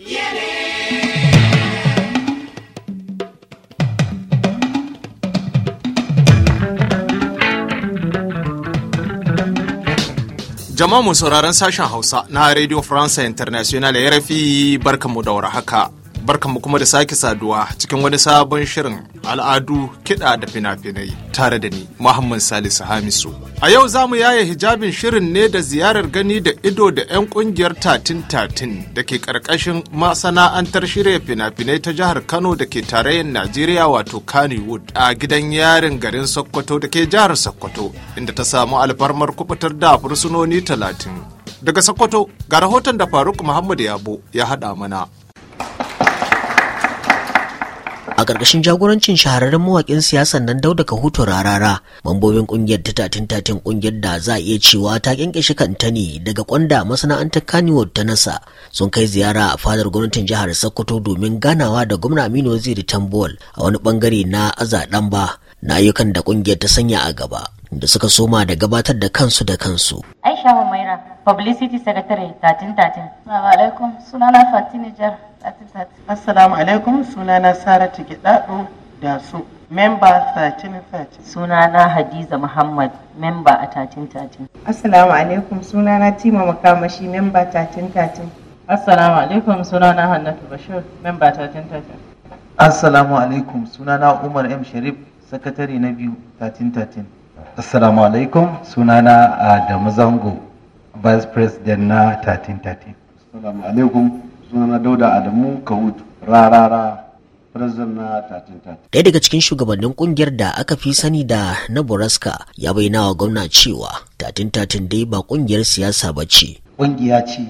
Jama'a mu sauraron sashen Hausa na Radio France International ya rafi barkanmu da haka barkanmu kuma da sake saduwa cikin wani sabon shirin al'adu kiɗa da fina-finai tare da ni Muhammad Salisu Hamisu. A yau za mu yaya hijabin shirin ne da ziyarar gani da ido da 'yan kungiyar tatin tatin da ke ƙarƙashin masana'antar shirya fina-finai ta jihar Kano da ke tarayyar Najeriya wato Kannywood a gidan yarin garin Sokoto da ke jihar Sokoto inda ta samu alfarmar kubutar da fursunoni talatin. Daga Sokoto ga rahoton da Faruk Muhammad Yabo ya haɗa mana. a ƙarƙashin jagorancin shahararren mawaƙin siyasan nan Dauda Kahuto Rarara mambobin ƙungiyar ta tatin tatin ƙungiyar da za a iya cewa ta kyankyashi kanta ne daga kwanda masana'antar kaniwod ta nasa sun kai ziyara a fadar gwamnatin jihar Sokoto domin ganawa da gwamna Aminu Waziri Tambol a wani bangare na ba, na ayyukan da ƙungiyar ta sanya a gaba da suka soma da gabatar da kansu da kansu. Aisha maira, Publicity Secretary 1313. Assalamu alaikum, sunana Fatini Jar. Assalamu alaikum sunana Saratu Gidado da su. Memba Suna Sunana Hadiza Muhammad, memba a 1313. Assalamu alaikum sunana Tima Makamashi, memba 1313. Assalamu alaikum sunana Hannatu Bashir, memba 1313. Assalamu alaikum sunana Umar M. Sharif, sakatare na biyu 1313. Assalamu alaikum sunana Adamu Zango, vice president na 1313. Assalamu alaikum sunana dauda adamu hutu rarara ɗaya daga cikin shugabannin kungiyar da aka fi sani da na nebraska ya bayyana wa gwamna cewa tatintatin dai ba ƙungiyar siyasa ba ce kungiya ce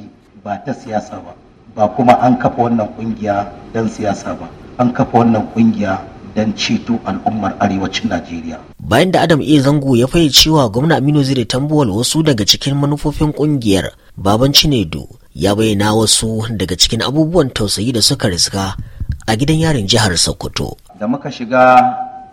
ba ta siyasa ba ba kuma an kafa wannan kungiya don siyasa ba an kafa wannan kungiya don ceto al'ummar arewacin Najeriya. Bayan da Adam E. Zango ya fayyace cewa gwamna Aminu zai tambuwal wasu daga cikin manufofin kungiyar Baban Chinedu. ya bayyana wasu daga cikin abubuwan tausayi da suka riska a gidan yarin jihar sokoto da muka shiga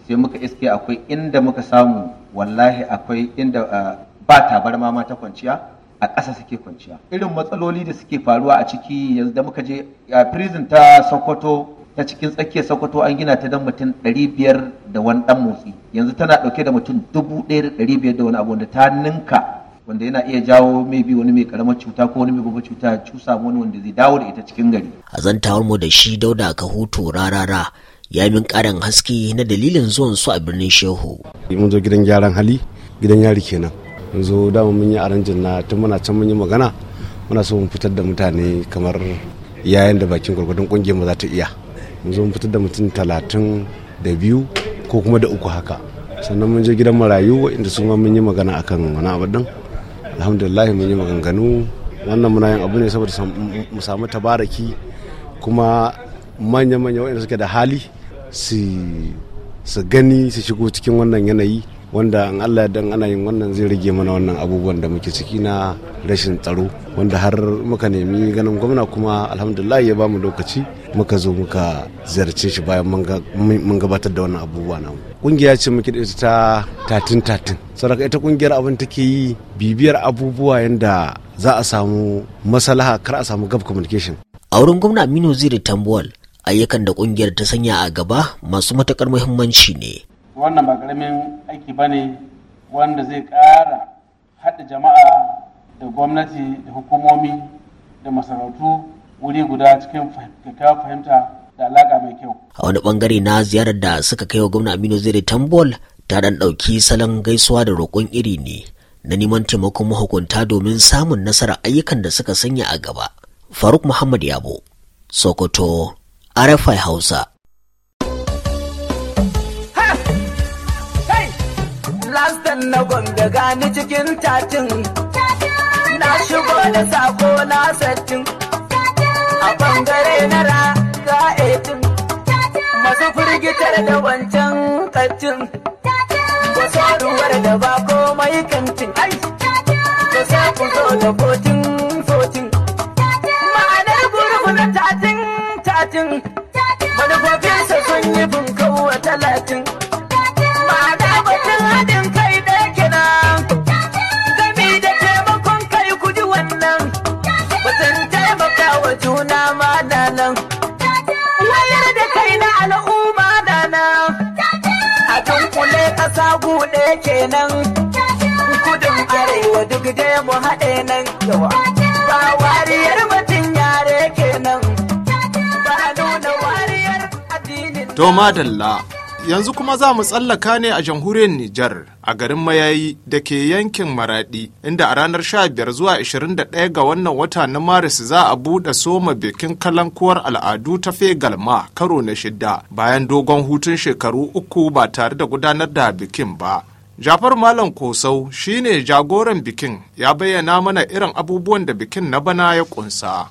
sai muka iske akwai inda muka samu wallahi akwai inda ba tabarma mama ta kwanciya a ƙasa suke kwanciya irin matsaloli da suke faruwa a ciki yanzu da muka je a prison ta sokoto ta cikin tsakiyar sokoto an gina ta don mutum 500 da wani dan motsi yanzu tana ɗauke da mutum 1500 da wani abu da ta ninka wanda yana iya jawo maybe wani mai karamar cuta ko wani mai babbar cuta ya cusa wani wanda zai dawo da ita cikin gari a zantawar mu da shi dauda ka hutu rarara ya min karin haske na dalilin zuwan su a birnin shehu mun zo gidan gyaran hali gidan yari kenan mun zo dama mun yi aranjin na tun muna can mun yi magana muna so mun fitar da mutane kamar yayin da bakin gwargwadon kungiyar mu za ta iya mun zo mun fitar da mutum talatin da biyu ko kuma da uku haka sannan mun je gidan marayu inda su ma mun yi magana akan wani abu alhamdulillah mun yi maganganu wannan muna yin abu ne saboda mu samu tabaraki kuma manya-manya waɗanda suke da hali su gani su shigo cikin wannan yanayi wanda an Allah dan ana yin wannan zai rage mana wannan abubuwan da muke ciki na rashin tsaro wanda har muka nemi ganin gwamna kuma alhamdulillah ya bamu lokaci muka zo muka ziyarce shi bayan mun gabatar da wannan abubuwa namu kungiya ce muke da ita ta tatin tatin saboda ita kungiyar abin take yi bibiyar abubuwa yanda za a samu masalaha kar a samu gab communication a wurin gwamna Aminu Ziri Tambuwal ayyukan da kungiyar ta sanya a gaba masu matakar muhimmanci ne wannan ba karamin aiki ba ne wanda zai ƙara haɗa jama'a da gwamnati da hukumomi da masarautu wuri guda cikin kyakkyawar fahimta da alaƙa mai kyau. A wani ɓangare na ziyarar da suka kai wa gwamna Aminu Zire Tambol ta ɗan ɗauki salon gaisuwa da roƙon iri ne na neman taimakon mahukunta domin samun nasarar ayyukan da suka sanya a gaba. Faruk Muhammad Yabo, Sokoto, RFI Hausa. nan na gombe gani cikin tatin na shigo da sako na a bangare na raga etin masu firgitar da wancan kattin ba so da ba komai kantin ai ba sa ku zo da botin fotin ma'anar gurbu tatin tatin al'umma na nan. A dunkule ƙasa buɗe kenan. Kudin arewa duk dai mu haɗe nan yawa. Ba wariyar mutum yare kenan. Ba a nuna wariyar addinin. To madalla. yanzu kuma za mu tsallaka ne a jamhuriyar Nijar a garin Mayayi da ke yankin Maradi inda a ranar 15 zuwa 21 ga wannan wata na Maris za a buɗe soma bikin kalankuwar al'adu ta Fegalma karo na shida bayan dogon hutun shekaru uku ba tare da gudanar da bikin ba. Jafar Malam Kosau shi ne jagoran bikin ya bayyana mana irin abubuwan da bikin na bana ya kunsa.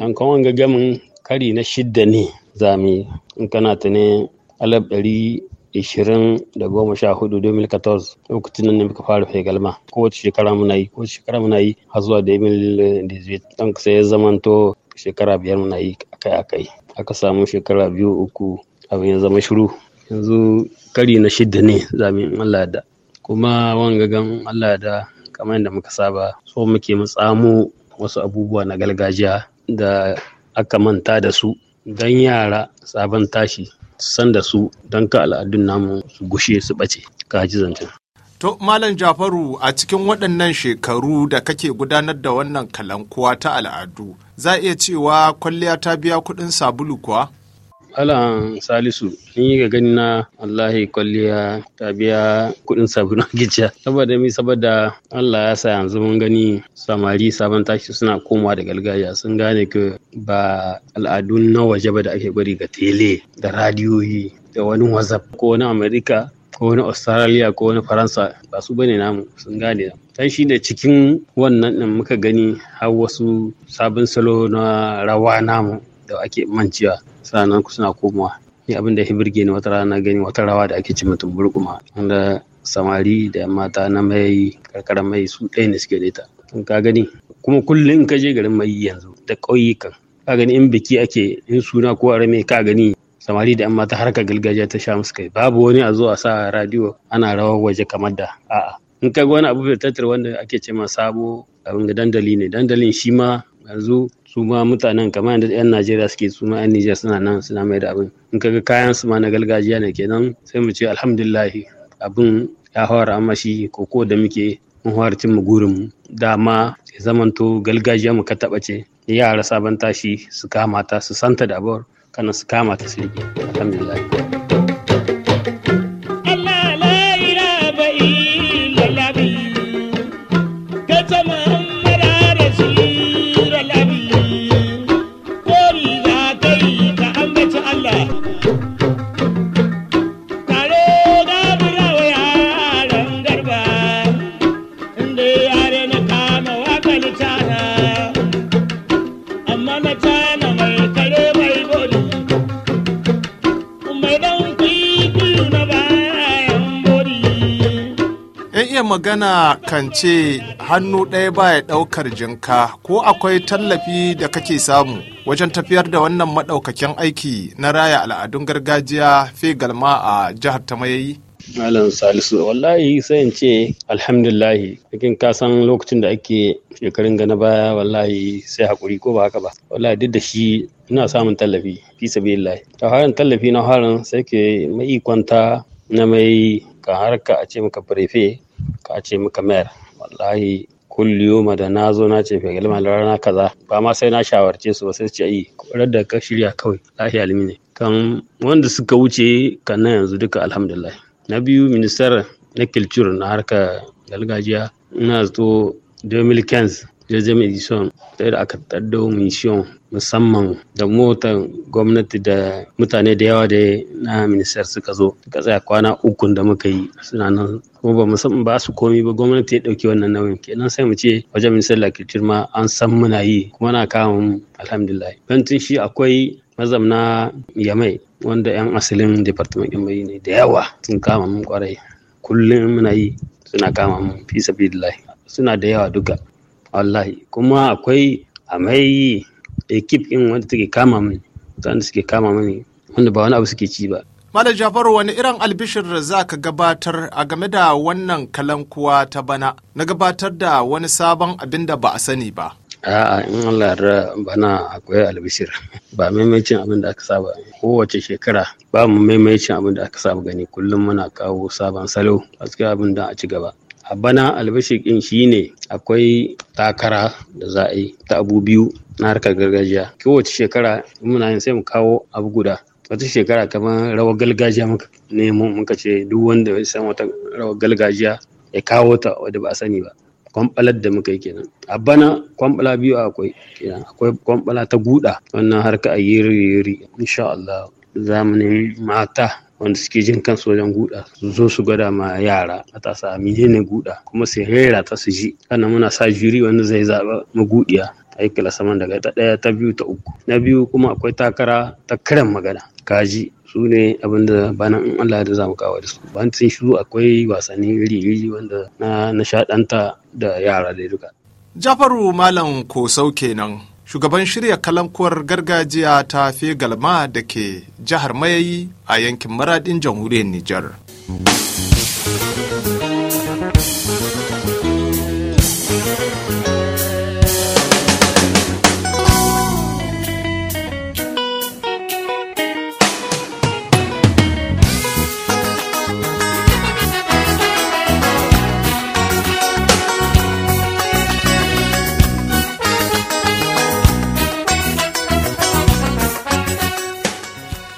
An kawon gagamin kari na shidda ne zami in kana ta ne alaf ɗari ishirin da goma sha hudu domin katos lokacin nan ne muka fara fegalma kowace shekara muna yi kowace shekara muna yi har zuwa da emil dizbit don ya zamanto shekara biyar muna yi akai akai aka samu shekara biyu uku abin ya zama shiru yanzu kari na shidda ne zamin allah da kuma wanga gan allah da kamar yadda muka saba so muke mu tsamo wasu abubuwa na galgajiya da aka manta da su don yara sabon tashi san da su don ka al'adun namu su gushe su ɓace ka ji zancen. To Malam Jafaru a cikin waɗannan shekaru da kake gudanar da wannan kalankuwa ta al'adu za iya cewa kwalliya ta biya kuɗin sabulu kuwa? Alan Salisu ni ga gani na allahi kwalliya ta biya kuɗin sabon gijiya. Saboda mi saboda Allah ya sa yanzu mun gani samari sabon tashi suna komawa da galgaya sun gane ka ba al'adun na waje ba da ake bari ga tele da radiyoyi da wani whatsapp ko wani amerika ko wani australia ko wani faransa ba su bane namu sun gane dan shi da cikin wannan din muka gani har wasu sabon salo na rawa namu da ake mancewa sannan suna komawa ni abin da ya birge ni wata rana gani wata rawa da ake ci mutum burguma wanda samari da mata na mai karkara mai su ɗaya ne suke da ita ka gani kuma kullum ka je garin mai yanzu da ƙauyukan ka gani in biki ake in suna ko rame ka gani samari da 'yan mata harka gargajiya ta sha musu kai babu wani a zuwa sa radio? ana rawar waje kamar da a'a in ka ga wani abu da tattar wanda ake ce ma sabo abin da dandali ne dandalin shi ma yanzu su ma mutanen kamar yadda 'yan najeriya suke su ma 'yan nijar suna nan suna mai da abin in kaga kayan su ma na gargajiya ne kenan sai mu ce alhamdulillahi abin ya amashi ko ko da muke mun hawar cin mu gurin mu dama ya zamanto gargajiya mu ka taba ce yara sabon tashi su kama ta su santa da abuwar kana su kama ta su riƙe alhamdulillahi magana kan ce hannu ɗaya baya ɗaukar jinka ko akwai tallafi da kake samu wajen tafiyar da wannan maɗaukakin aiki na raya al'adun gargajiya fegalma a jihar ta mayayi? Malam Salisu, wallahi sai in ce alhamdulahi, cikin kasan lokacin da ake shekarun gana baya wallahi sai hakuri ko ba haka ba. Wallahi duk da shi ina samun tallafi fi sabilillahi. Ta harin tallafi na harin sai ke mai kwanta na mai ka harka a ce maka prefe ka ce muka mayar wallahi kulliyoma da na zo na ce da rana kaza ba ma sai na shawarce su ba sai ce yi kwarar da ka shirya kawai lahi alimi ne kan wanda suka wuce kan nan yanzu duka alhamdulillah na biyu ministar na kilcur na harka gargajiya ina zato 2015 deuxième edition sai da aka tsaddo mission musamman da motar gwamnati da mutane da yawa da na ministar suka zo suka tsaya kwana ukun da muka yi suna nan kuma ba musamman ba su komi ba gwamnati ya dauki wannan nauyin kenan sai mu ce wajen ministar lakitir ma an san muna yi kuma na kawo mu alhamdulillah bantin shi akwai mazamna yamai wanda yan asalin department bayi ne da yawa sun kama mun kwarai kullum muna yi suna kama mun fi sabilillah suna da yawa duka wallahi kuma akwai amai ekip ɗin wanda take kama mini wanda suke kama mini wanda ba wani abu suke ci ba Malam Jafaru wani irin albishir za ka gabatar a game da wannan kalankuwa ta bana na gabatar da wani sabon abin da ba a sani ba. A'a in Allah yarda bana akwai albishir ba maimaicin abin da aka saba kowace shekara ba mu maimaicin abin da aka saba gani kullum muna kawo sabon salo a cikin abin da a ci gaba. a bana shi ne akwai takara da za a yi ta abu biyu na harkar gargajiya kowace shekara muna yin sai mu kawo abu guda wata shekara kamar rawar gargajiya muka nemo muka ce duk wanda ya san wata rawar gargajiya ya kawo ta wadda ba a sani ba kwambalar da muka yi kenan a bana kwambala biyu akwai kenan akwai kwambala ta guda wannan harka a yiri yiri insha Allah zamanin mata wanda suke jin kansu wajen guda su zo su gwada ma yara matasa menene guda kuma su rera ta su ji kana muna sa jiri wanda zai zaba magudiya a yi saman daga ta ɗaya ta biyu ta uku na biyu kuma akwai takara ta karen magana kaji su ne abinda bana in Allah da zamu kawo da su bayan sun shiru akwai wasanni iri-iri wanda na nishaɗanta da yara da duka Jafaru Malam Kosau kenan shugaban shirya kalankuwar gargajiya ta fegalma da ke jihar mayayi a yankin maradin jamhuriyar Nijar.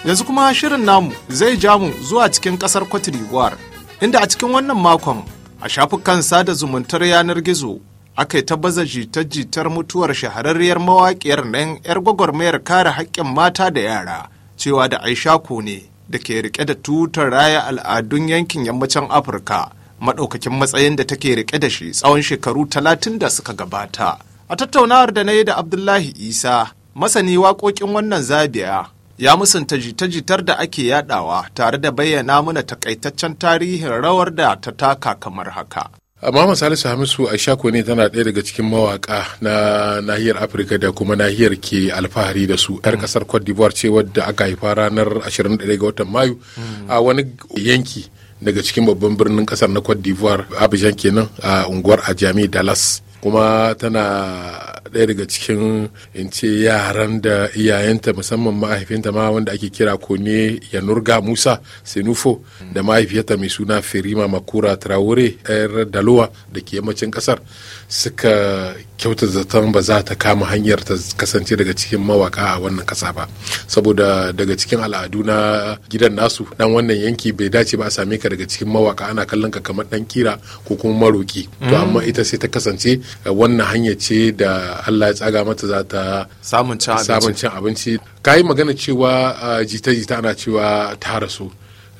yanzu kuma shirin namu zai ja mu zuwa cikin kasar Cote d'Ivoire, inda a cikin wannan makon a shafukan sada zumuntar yanar gizo aka yi tabbazar jitar jitar mutuwar shahararriyar mawaƙiyar nan 'yar gwagwarmayar kare haƙƙin mata da yara cewa da Aisha ne da ke rike da tutar raya al'adun yankin yammacin Afirka maɗaukakin matsayin da take rike da shi tsawon shekaru talatin da suka gabata. A tattaunawar da na yi da Abdullahi Isa, masani waƙoƙin wannan zabiya ya musanta jita-jitar da ake yadawa tare da bayyana mana takaitaccen tarihin rawar da ta taka kamar haka. amma Salisu Hamisu Aishako ne tana ɗaya daga cikin mawaka na nahiyar Afirka da kuma nahiyar ke alfahari da su. 'Yar kasar mm. Cote d'Ivoire ce wadda aka haifa ranar 21 ga watan Mayu a wani yanki daga cikin babban birnin kasar na Cote d'Ivoire Abidjan kenan a unguwar Ajami Dallas. kuma tana ɗaya daga cikin in ce yaran da iyayenta musamman mahaifinta ma wanda ake kira kone ya nurga musa senufo da mahaifiyarta mai suna ferima makura traore yar dalowa da ke yammacin ƙasar suka kyautar zaton ba za ta kama hanyar ta kasance daga cikin mawaka a wannan kasa ba saboda daga cikin al'adu na gidan nasu dan wannan yanki bai dace ba a same ka daga cikin mawaka ana kallon ka kamar dan kira ko kuma maroki to mm. amma ita sai ta kasance eh, wannan hanya ce da Allah ya tsaga mata za ta samun cin abinci kayi magana cewa eh, jita-jita ana cewa ta rasu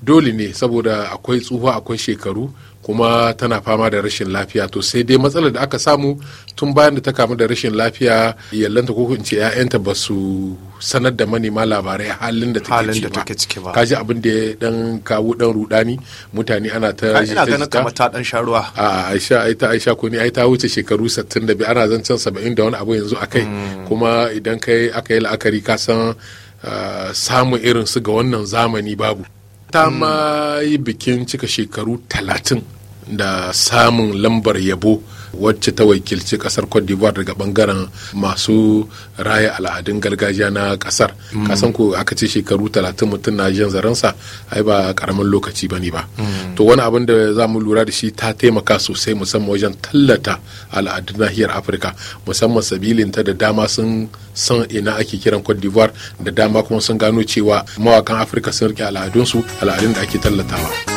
dole ne saboda akwai tsufa akwai shekaru kuma tana fama da rashin lafiya to sai dai matsalar da aka samu tun bayan da ta kamu da rashin lafiya yallanta ko in ce 'ya'yanta ba su sanar da manema labarai halin da take ciki ba kaji abin da ya dan kawo dan rudani mutane ana ta ina ganin kamar ta dan sharuwa a aisha ai ta aisha ko ni ai ta wuce shekaru 62 ana zancen 70 da wani abu yanzu akai hmm. kuma idan kai aka yi la'akari ka san samun irin su ga wannan zamani babu ta hmm. ma yi bikin cika shekaru talatin da samun lambar yabo wacce ta wakilci kasar cote d'ivoire daga bangaren masu raya al'adun gargajiya na kasar mm. kasan ko aka ce shekaru talatin mutum na jan zaransa ai ba karamin lokaci ba ne ba mm. to wani abin da za mu lura da shi ta taimaka sosai musamman wajen tallata al'adun nahiyar afirka musamman sabilin ta da dama sun san ina ake kiran cote d'ivoire da dama kuma sun gano cewa mawakan afirka sun rike al'adunsu al'adun da ake tallatawa.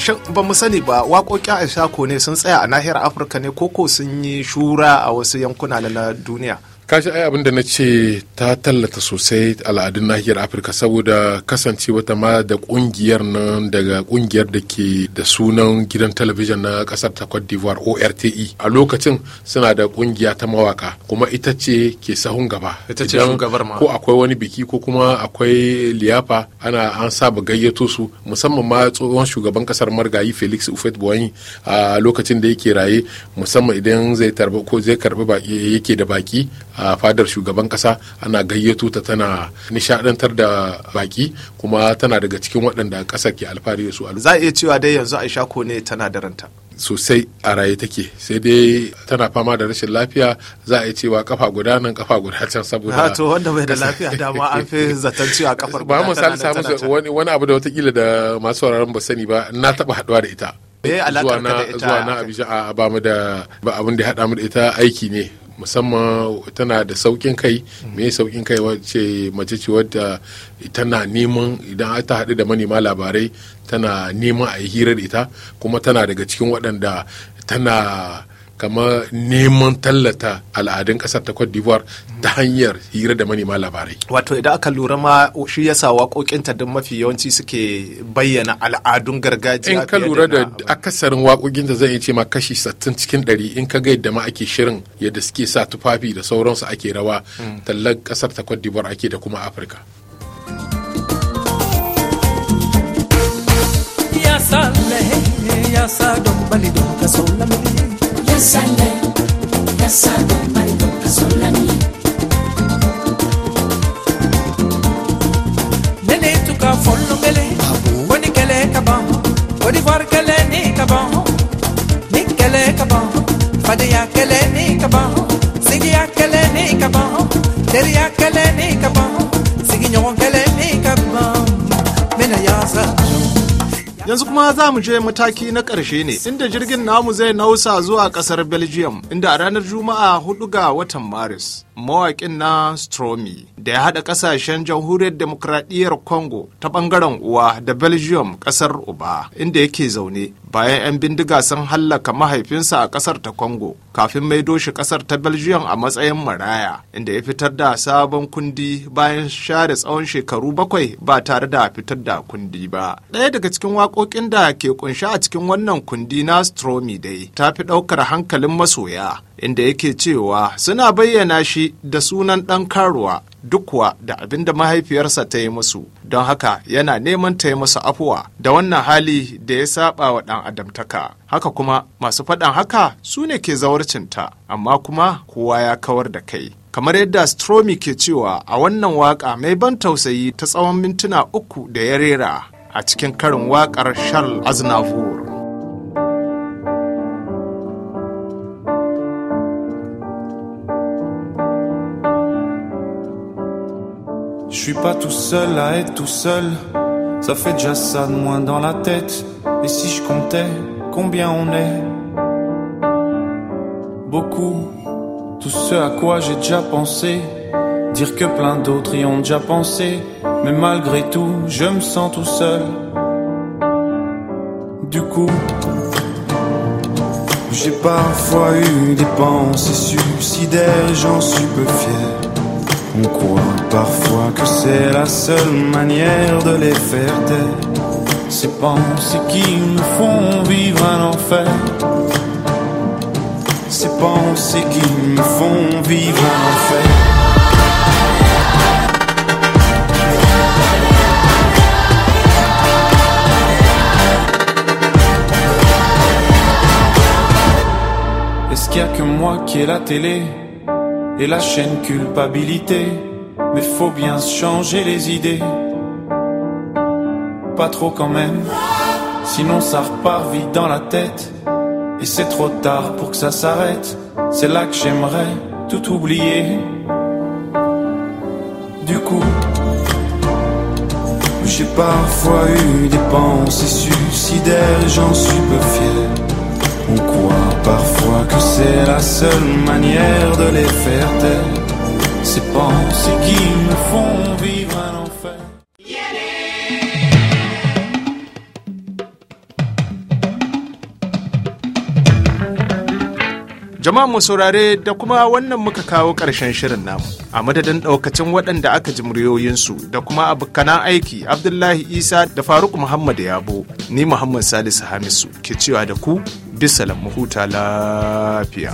shan ba mu sani ba waƙoƙin ko ne sun tsaya a nahiyar afirka ne koko sun yi shura a wasu yankuna na duniya kashi ai abin da na ce ta tallata sosai al'adun nahiyar afirka saboda kasance wata ma da kungiyar nan daga kungiyar da ke da sunan gidan talabijin na kasar ta cote d'ivoire orte a lokacin suna da kungiya ta mawaka kuma ita ce ke sahun gaba ita ce shugabar ma ko akwai wani biki ko kuma akwai liyafa ana an saba gayyato su musamman ma tsohon shugaban kasar margayi felix ufet boyi a lokacin da yake raye musamman idan zai tarbi ko zai karbi yake da baki a fadar shugaban kasa ana gayyato ta tana nishadantar da baki kuma tana daga cikin waɗanda ƙasar ke alfahari da su za a iya cewa dai yanzu aisha ko ne tana da ranta sosai a raye take sai dai tana fama da rashin lafiya za a yi cewa kafa guda nan kafa guda can saboda ha to wanda bai da lafiya da ma an fi zaton cewa kafar ba mu sani samu wani wani abu da watakila da masu sauraron ba sani ba na taba haduwa da ita zuwa na zuwa na a ba mu da ba abin da hada mu da ita aiki ne musamman tana da saukin kai me saukin kai wace mace ce wadda tana neman idan ta haɗu da manema labarai tana neman a yi hirar ita kuma tana daga cikin waɗanda tana kamar neman tallata al'adun ƙasar ta Cote d'Ivoire ta hanyar hira da manema labarai. Wato idan aka lura ma shi yasa waƙoƙinta duk mafi yawanci suke bayyana al'adun gargajiya. In ka lura da akasarin waƙoƙinta zan iya ce ma kashi sattin cikin ɗari in ka ga yadda ma ake shirin yadda suke sa tufafi da sauransu ake rawa hmm. tallar ƙasar ta Cote d'Ivoire ake da kuma Afirka. Ya sa ya sa don bali don ka yanzu kuma za mu je mataki na ƙarshe ne inda jirgin namu zai nausa zuwa ƙasar Belgium inda a ranar Juma'a hudu ga watan Maris mawaƙin na Stromi da ya haɗa ƙasashen jamhuriyar demokradiyyar Congo ta ɓangaren uwa da Belgium ƙasar uba inda yake zaune bayan 'yan bindiga sun hallaka mahaifinsa a ƙasar ta Congo kafin maido shi ƙasar ta Belgium a matsayin maraya inda ya fitar da sabon kundi bayan share tsawon shekaru bakwai ba tare da fitar da kundi ba. Ɗaya daga cikin waƙoƙin wanda ke ƙunshi a cikin wannan kundi na Stromi dai ta fi ɗaukar hankalin masoya inda yake cewa suna bayyana shi da sunan ɗan karuwa dukwa da abin da mahaifiyarsa ta yi musu don haka yana neman ta yi musu afuwa da wannan hali da ya saba wa ɗan adamtaka haka kuma masu faɗan haka su ne ke zawarcinta amma kuma kowa ya kawar da kai kamar yadda Stromi ke cewa a wannan waka mai ban tausayi ta tsawon mintuna uku da ya rera. a Je suis pas tout seul à être tout seul, ça fait déjà ça de moins dans la tête. Et si je comptais combien on est Beaucoup, tout ce à quoi j'ai déjà pensé, dire que plein d'autres y ont déjà pensé, mais malgré tout, je me sens tout seul. Du coup, j'ai parfois eu des pensées suicidaires, j'en suis peu fier. On croit parfois que c'est la seule manière de les faire taire. Ces pensées qui nous font vivre un enfer. Ces pensées qui me font vivre un enfer. qu'il n'y a que moi qui ai la télé et la chaîne culpabilité. Mais faut bien changer les idées. Pas trop quand même, sinon ça repart vite dans la tête. Et c'est trop tard pour que ça s'arrête. C'est là que j'aimerais tout oublier. Du coup, j'ai parfois eu des pensées suicidaires, j'en suis peu fier parfois que c'est la seule manière de les faire taire. jama'a mu saurare da kuma wannan muka kawo ƙarshen shirin namu a madadin ɗaukacin waɗanda aka ji muryoyinsu da kuma abokanan aiki abdullahi isa da faruk muhammad yabo ni muhammad salisu hamisu ke cewa da ku bisa lamu huta lafiya